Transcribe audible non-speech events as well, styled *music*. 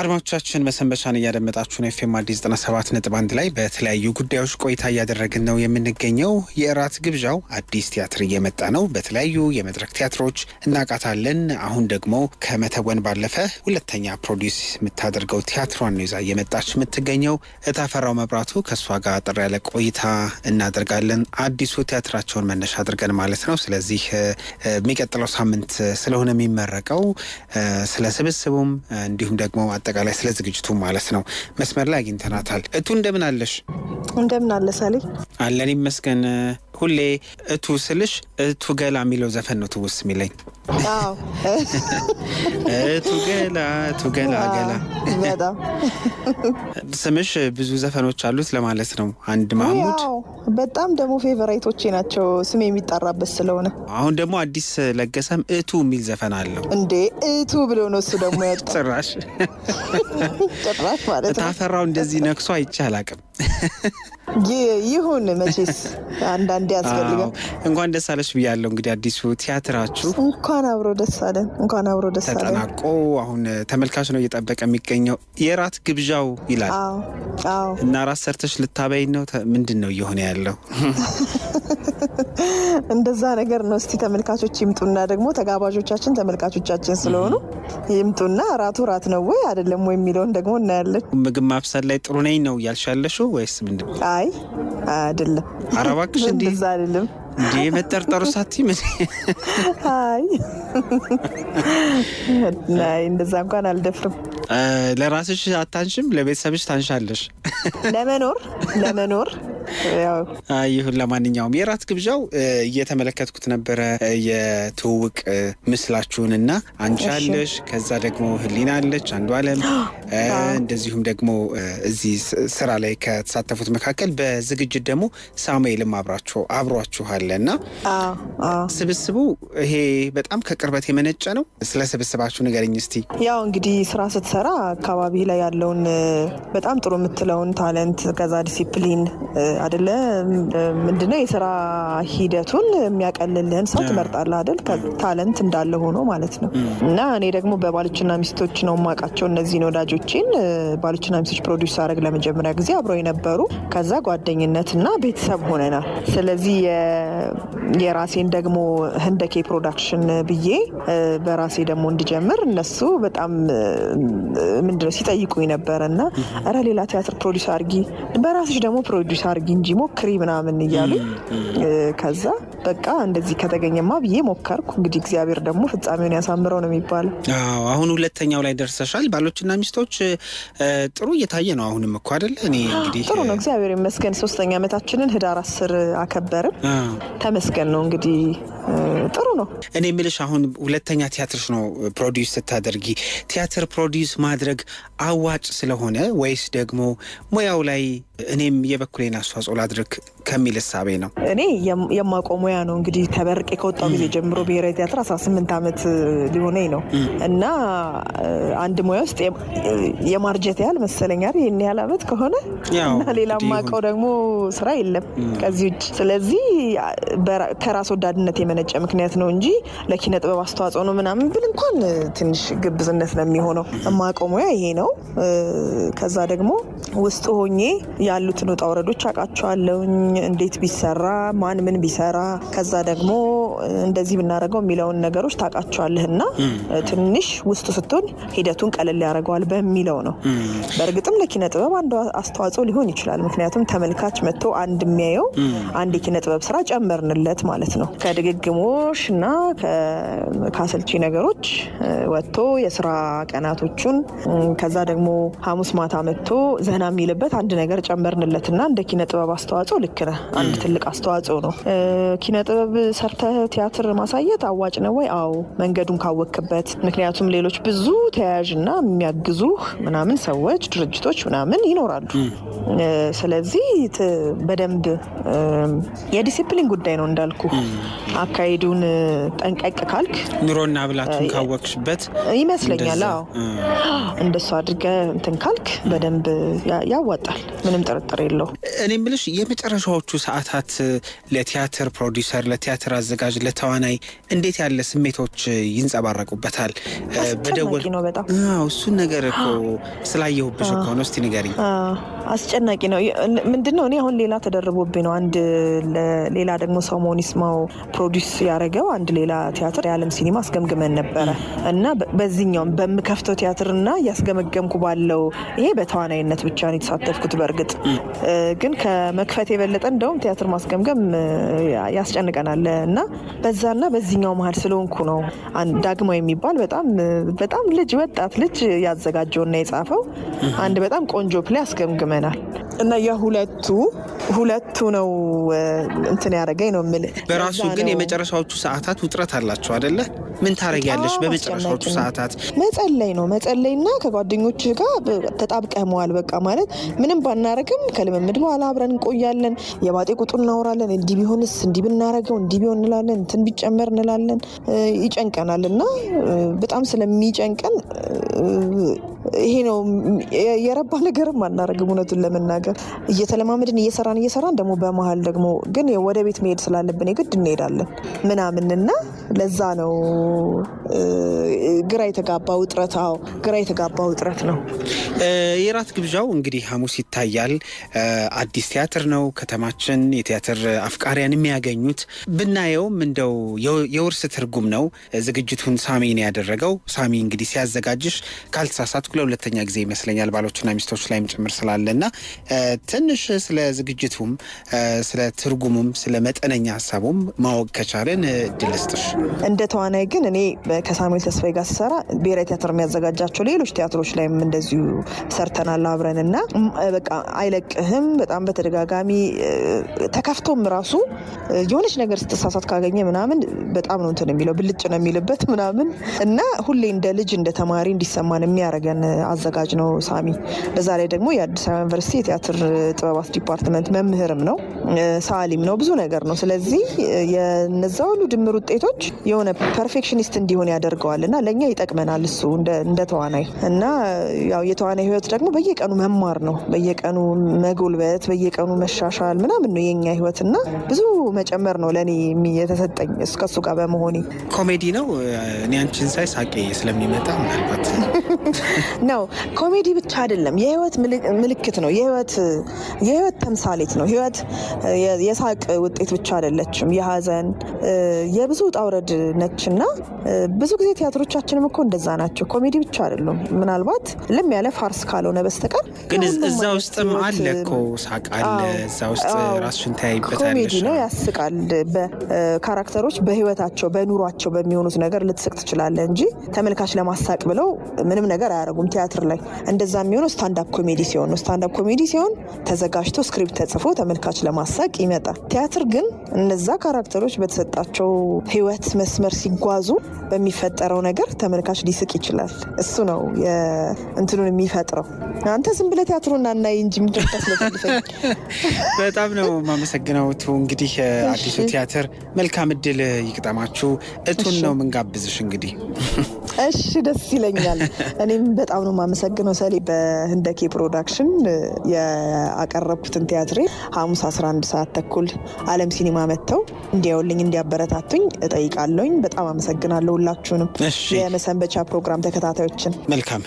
አድማጮቻችን መሰንበቻን እያደመጣችሁ ነው። ኤፍኤም አዲስ 97 ነጥብ አንድ ላይ በተለያዩ ጉዳዮች ቆይታ እያደረግን ነው የምንገኘው። የእራት ግብዣው አዲስ ቲያትር እየመጣ ነው። በተለያዩ የመድረክ ቲያትሮች እናቃታለን። አሁን ደግሞ ከመተወን ባለፈ ሁለተኛ ፕሮዲስ የምታደርገው ቲያትሯን ነው ይዛ እየመጣች የምትገኘው። እታፈራው መብራቱ ከእሷ ጋር አጠር ያለ ቆይታ እናደርጋለን። አዲሱ ቲያትራቸውን መነሻ አድርገን ማለት ነው። ስለዚህ የሚቀጥለው ሳምንት ስለሆነ የሚመረቀው ስለ ስብስቡም እንዲሁም ደግሞ አጠቃላይ ስለ ዝግጅቱ ማለት ነው። መስመር ላይ አግኝተናታል። እቱ እንደምን አለሽ? እንደምን አለ ሳሌ አለን ይመስገን። ሁሌ እቱ ስልሽ እቱ ገላ የሚለው ዘፈን ነው ትውስ የሚለኝ ቱገላ ቱገላ ገላ። በጣም ስምሽ ብዙ ዘፈኖች አሉት ለማለት ነው። አንድ ማሙድ በጣም ደግሞ ፌቨራይቶቼ ናቸው ስሜ የሚጠራበት ስለሆነ። አሁን ደግሞ አዲስ ለገሰም እቱ የሚል ዘፈን አለው። እንዴ እቱ ብሎ ነው እሱ ደግሞ ያጣ ጭራሽ ጭራሽ ማለት ነው። ታፈራው እንደዚህ ነክሶ አይቼ አላቅም። ይሁን መቼስ አንዳንድ ያስፈልጋል። እንኳን ደስ አለሽ ብያለሁ። እንግዲህ አዲሱ ቲያትራችሁ እንኳን አብሮ ደስ አለን፣ እንኳን አብሮ ደስ አለን ተጠናቆ አሁን ተመልካች ነው እየጠበቀ የሚገኘው። የራት ግብዣው ይላል እና ራት ሰርተሽ ልታበይ ነው። ምንድን ነው እየሆነ ያለው? *laughs* እንደዛ ነገር ነው። እስቲ ተመልካቾች ይምጡና ደግሞ ተጋባዦቻችን ተመልካቾቻችን ስለሆኑ ይምጡና ራቱ ራት ነው ወይ አይደለም ወይ የሚለውን ደግሞ እናያለን። ምግብ ማብሰል ላይ ጥሩ ነኝ ነው እያልሽ ወይስ ምንድን ነው? አይ አይደለም። ኧረ እባክሽ እንዴ! አይደለም እንዴ! መጠርጠሩ ሳት ምን? አይ አይ እንደዛ እንኳን አልደፍርም። ለራስሽ አታንሽም፣ ለቤተሰብሽ ታንሻለሽ። ለመኖር ለመኖር ይሁን ለማንኛውም የራት ግብዣው እየተመለከትኩት ነበረ የትውውቅ ምስላችሁን እና አንቺ ከዛ ደግሞ ህሊና አለች አንዱ አለም *gasps* እንደዚሁም ደግሞ እዚህ ስራ ላይ ከተሳተፉት መካከል በዝግጅት ደግሞ ሳሙኤልም አብራችሁ አብሯችኋለ እና ስብስቡ ይሄ በጣም ከቅርበት የመነጨ ነው። ስለ ስብስባችሁ ንገረኝ እስቲ። ያው እንግዲህ ስራ ስትሰራ አካባቢ ላይ ያለውን በጣም ጥሩ የምትለውን ታለንት ከዛ ዲሲፕሊን አደለ ምንድነው የስራ ሂደቱን የሚያቀልልህን ሰው ትመርጣለህ አደል ታለንት እንዳለ ሆኖ ማለት ነው። እና እኔ ደግሞ በባልችና ሚስቶች ነው ማቃቸው እነዚህን ወዳጆችን ባልችና ሚስቶች ፕሮዲስ አድረግ ለመጀመሪያ ጊዜ አብረው የነበሩ ከዛ ጓደኝነትና ቤተሰብ ሆነናል። ስለዚህ የራሴን ደግሞ ህንደኬ ፕሮዳክሽን ብዬ በራሴ ደግሞ እንድጀምር እነሱ በጣም ምንድነው ሲጠይቁኝ ነበረ እና ረ ሌላ ቲያትር ፕሮዲስ አርጊ በራስሽ ደግሞ ፕሮዲስ አድርጊ እንጂ ሞክሪ ምናምን እያሉ ከዛ በቃ እንደዚህ ከተገኘማ ብዬ ሞከርኩ። እንግዲህ እግዚአብሔር ደግሞ ፍጻሜውን ያሳምረው ነው የሚባለው። አዎ አሁን ሁለተኛው ላይ ደርሰሻል። ባሎችና ሚስቶች ጥሩ እየታየ ነው አሁንም እኮ አደለ? እኔ እንግዲህ ጥሩ ነው እግዚአብሔር ይመስገን። ሶስተኛ ዓመታችንን ህዳር አስር አከበርን። ተመስገን ነው እንግዲህ ጥሩ ነው። እኔ የምልሽ አሁን ሁለተኛ ቲያትርሽ ነው ፕሮዲውስ ስታደርጊ፣ ቲያትር ፕሮዲውስ ማድረግ አዋጭ ስለሆነ ወይስ ደግሞ ሙያው ላይ እኔም የበኩሌን አስተዋጽኦ ላድርግ ከሚል እሳቤ ነው? እኔ የማውቀው ሙያ ነው እንግዲህ ተበርቄ ከወጣሁ ጊዜ ጀምሮ ብሔራዊ ቲያትር 18 ዓመት ሊሆነኝ ነው እና አንድ ሙያ ውስጥ የማርጀት ያህል መሰለኛል ይህን ያህል ዓመት ከሆነ እና ሌላ የማውቀው ደግሞ ስራ የለም ከዚህ ውጭ። ስለዚህ ከራስ ወዳድነት የመነጨ ምክንያት ነው እንጂ ለኪነ ጥበብ አስተዋጽኦ ነው ምናምን ብል እንኳን ትንሽ ግብዝነት ነው የሚሆነው። የማውቀው ሙያ ይሄ ነው። ከዛ ደግሞ ውስጥ ሆኜ ያሉትን ውጣ ውረዶች አውቃቸዋለሁኝ። እንዴት ቢሰራ ማን ምን ቢሰራ ከዛ ደግሞ እንደዚህ ብናደርገው የሚለውን ነገሮች ታውቃቸዋለህ እና ትንሽ ውስጡ ስትሆን ሂደቱን ቀለል ያደርገዋል በሚለው ነው። በእርግጥም ለኪነ ጥበብ አንዱ አስተዋጽኦ ሊሆን ይችላል። ምክንያቱም ተመልካች መጥቶ አንድ የሚያየው አንድ የኪነ ጥበብ ስራ ጨመርንለት ማለት ነው። ከድግግሞሽ እና ከአሰልቺ ነገሮች ወጥቶ የስራ ቀናቶቹን ከዛ ደግሞ ሐሙስ ማታ መጥቶ ዘና የሚልበት አንድ ነገር ጨመርንለት እና እንደ ኪነ ጥበብ አስተዋጽኦ ልክ ነህ፣ አንድ ትልቅ አስተዋጽኦ ነው። ኪነ ጥበብ ሰርተህ ቲያትር ማሳየት አዋጭ ነው ወይ? አዎ፣ መንገዱን ካወክበት። ምክንያቱም ሌሎች ብዙ ተያያዥና የሚያግዙ ምናምን ሰዎች፣ ድርጅቶች ምናምን ይኖራሉ። ስለዚህ በደንብ የዲሲፕሊን ጉዳይ ነው እንዳልኩ። አካሄዱን ጠንቀቅ ካልክ ኑሮና ብላቱን ካወቅሽበት ይመስለኛል። አዎ፣ እንደሱ አድርገ እንትን ካልክ በደንብ ያዋጣል። ምንም ጥርጥር የለው። እኔ ምልሽ የመጨረሻዎቹ ሰዓታት ለቲያትር ፕሮዲሰር ለቲያትር አዘጋጅ ለአዘጋጅ ለተዋናይ እንዴት ያለ ስሜቶች ይንጸባረቁበታል? በደወል እሱን ነገር እኮ *gasps* ስላየሁብሽ እኮ ነው። እስቲ ንገሪኝ። አስጨናቂ ነው ምንድን ነው? እኔ አሁን ሌላ ተደርቦብኝ ነው። አንድ ሌላ ደግሞ ሰሞኑን ይስማው ፕሮዲስ ያደረገው አንድ ሌላ ቲያትር የዓለም ሲኒማ አስገምግመን ነበረ እና በዚህኛውም በምከፍተው ቲያትርና እያስገመገምኩ ባለው ይሄ በተዋናይነት ብቻ ነው የተሳተፍኩት። በእርግጥ ግን ከመክፈት የበለጠ እንደውም ቲያትር ማስገምገም ያስጨንቀናል እና በዛና በዚህኛው መሀል ስለሆንኩ ነው። ዳግማ የሚባል በጣም በጣም ልጅ ወጣት ልጅ ያዘጋጀውና የጻፈው አንድ በጣም ቆንጆ ፕሌ አስገምግመናል እና የሁለቱ ሁለቱ ነው እንትን ያደረገኝ ነው ምል በራሱ ግን የመጨረሻዎቹ ሰዓታት ውጥረት አላቸው አደለ? ምን ታረጊያለሽ? በመጨረሻዎቹ ሰዓታት መጸለይ ነው መጸለይ ና ከጓደኞች ጋር ተጣብቀህ መዋል በቃ ማለት ምንም ባናረግም ከልምምድ በኋላ አብረን እንቆያለን። የባጤ ቁጡ እናወራለን። እንዲህ ቢሆንስ እንዲህ ብናረገው እንዲህ ቢሆን እንላለን እንላለን፣ እንትን ቢጨመር እንላለን። ይጨንቀናል እና በጣም ስለሚጨንቀን ይሄ ነው የረባ ነገርም አናደርግም። እውነቱን ለመናገር እየተለማመድን እየሰራን እየሰራን ደግሞ በመሀል ደግሞ ግን ወደ ቤት መሄድ ስላለብን የግድ እንሄዳለን ምናምንና ለዛ ነው ግራ የተጋባ ውጥረት። አዎ ግራ የተጋባ ውጥረት ነው። የራት ግብዣው እንግዲህ ሐሙስ ይታያል። አዲስ ቲያትር ነው። ከተማችን የቲያትር አፍቃሪያን የሚያገኙት ብናየውም እንደው የውርስ ትርጉም ነው። ዝግጅቱን ሳሚ ነው ያደረገው። ሳሚ እንግዲህ ሲያዘጋጅሽ ካልተሳሳት ፌስቡክ ለሁለተኛ ጊዜ ይመስለኛል ባሎችና ሚስቶች ላይም ጭምር ስላለ እና ትንሽ ስለ ዝግጅቱም ስለ ትርጉሙም ስለ መጠነኛ ሀሳቡም ማወቅ ከቻለን እድል ስጥሽ። እንደ ተዋናይ ግን እኔ ከሳሙኤል ተስፋዬ ጋር ስሰራ ብሔራዊ ቲያትር የሚያዘጋጃቸው ሌሎች ቲያትሮች ላይም እንደዚሁ ሰርተናል አብረን እና በቃ አይለቅህም በጣም በተደጋጋሚ ተከፍቶም ራሱ የሆነች ነገር ስትሳሳት ካገኘ ምናምን በጣም ነው እንትን የሚለው ብልጭ ነው የሚልበት ምናምን እና ሁሌ እንደ ልጅ እንደ ተማሪ እንዲሰማን የሚያደርገን አዘጋጅ ነው ሳሚ። በዛ ላይ ደግሞ የአዲስ አበባ ዩኒቨርሲቲ የቲያትር ጥበባት ዲፓርትመንት መምህርም ነው፣ ሳሊም ነው፣ ብዙ ነገር ነው። ስለዚህ የነዛ ሁሉ ድምር ውጤቶች የሆነ ፐርፌክሽኒስት እንዲሆን ያደርገዋል እና ለእኛ ይጠቅመናል እሱ እንደ ተዋናይ እና ያው የተዋናይ ህይወት ደግሞ በየቀኑ መማር ነው፣ በየቀኑ መጎልበት፣ በየቀኑ መሻሻል ምናምን ነው የኛ ህይወት እና ብዙ መጨመር ነው ለእኔ የተሰጠኝ ከሱ ጋር በመሆኔ። ኮሜዲ ነው እኔ አንቺን ሳይ ሳቄ ስለሚመጣ ምናልባት *laughs* ነው። ኮሜዲ ብቻ አይደለም፣ የህይወት ምልክት ነው። የህይወት ተምሳሌት ነው። ህይወት የሳቅ ውጤት ብቻ አይደለችም፣ የሀዘን የብዙ ጣውረድ ነች እና ብዙ ጊዜ ቲያትሮቻችንም እኮ እንደዛ ናቸው። ኮሜዲ ብቻ አይደሉም። ምናልባት ልም ያለ ፋርስ ካልሆነ በስተቀር ግን እዛ ውስጥም አለ እኮ ሳቅ አለ እዛ ውስጥ ራሱን ተያይበታለሽ። ኮሜዲ ነው፣ ያስቃል። በካራክተሮች በህይወታቸው በኑሯቸው በሚሆኑት ነገር ልትስቅ ትችላለ እንጂ ተመልካች ለማሳቅ ብለው ምንም ነገር አያደርጉ አያደርጉም ቲያትር ላይ። እንደዛ የሚሆነው ስታንዳፕ ኮሜዲ ሲሆን ነው። ስታንዳፕ ኮሜዲ ሲሆን ተዘጋጅቶ ስክሪፕት ተጽፎ ተመልካች ለማሳቅ ይመጣል። ቲያትር ግን እነዛ ካራክተሮች በተሰጣቸው ህይወት መስመር ሲጓዙ በሚፈጠረው ነገር ተመልካች ሊስቅ ይችላል። እሱ ነው እንትኑን የሚፈጥረው። አንተ ዝም ብለህ ቲያትሩ እናናይ እንጂ *laughs* በጣም ነው የማመሰግነው። እቱ እንግዲህ አዲሱ ቲያትር መልካም እድል ይቅጠማችሁ። እቱን ነው ምንጋብዝሽ እንግዲህ *laughs* እሺ፣ ደስ ይለኛል። እኔም በጣም ነው የማመሰግነው ሰሌ በህንደኬ ፕሮዳክሽን ያቀረብኩትን ቲያትሬ ሐሙስ 11 ሰዓት ተኩል አለም ሲኒማ መጥተው እንዲያውልኝ እንዲያበረታቱኝ እጠይቃለሁኝ። በጣም አመሰግናለሁ ሁላችሁንም የመሰንበቻ ፕሮግራም ተከታታዮችን መልካም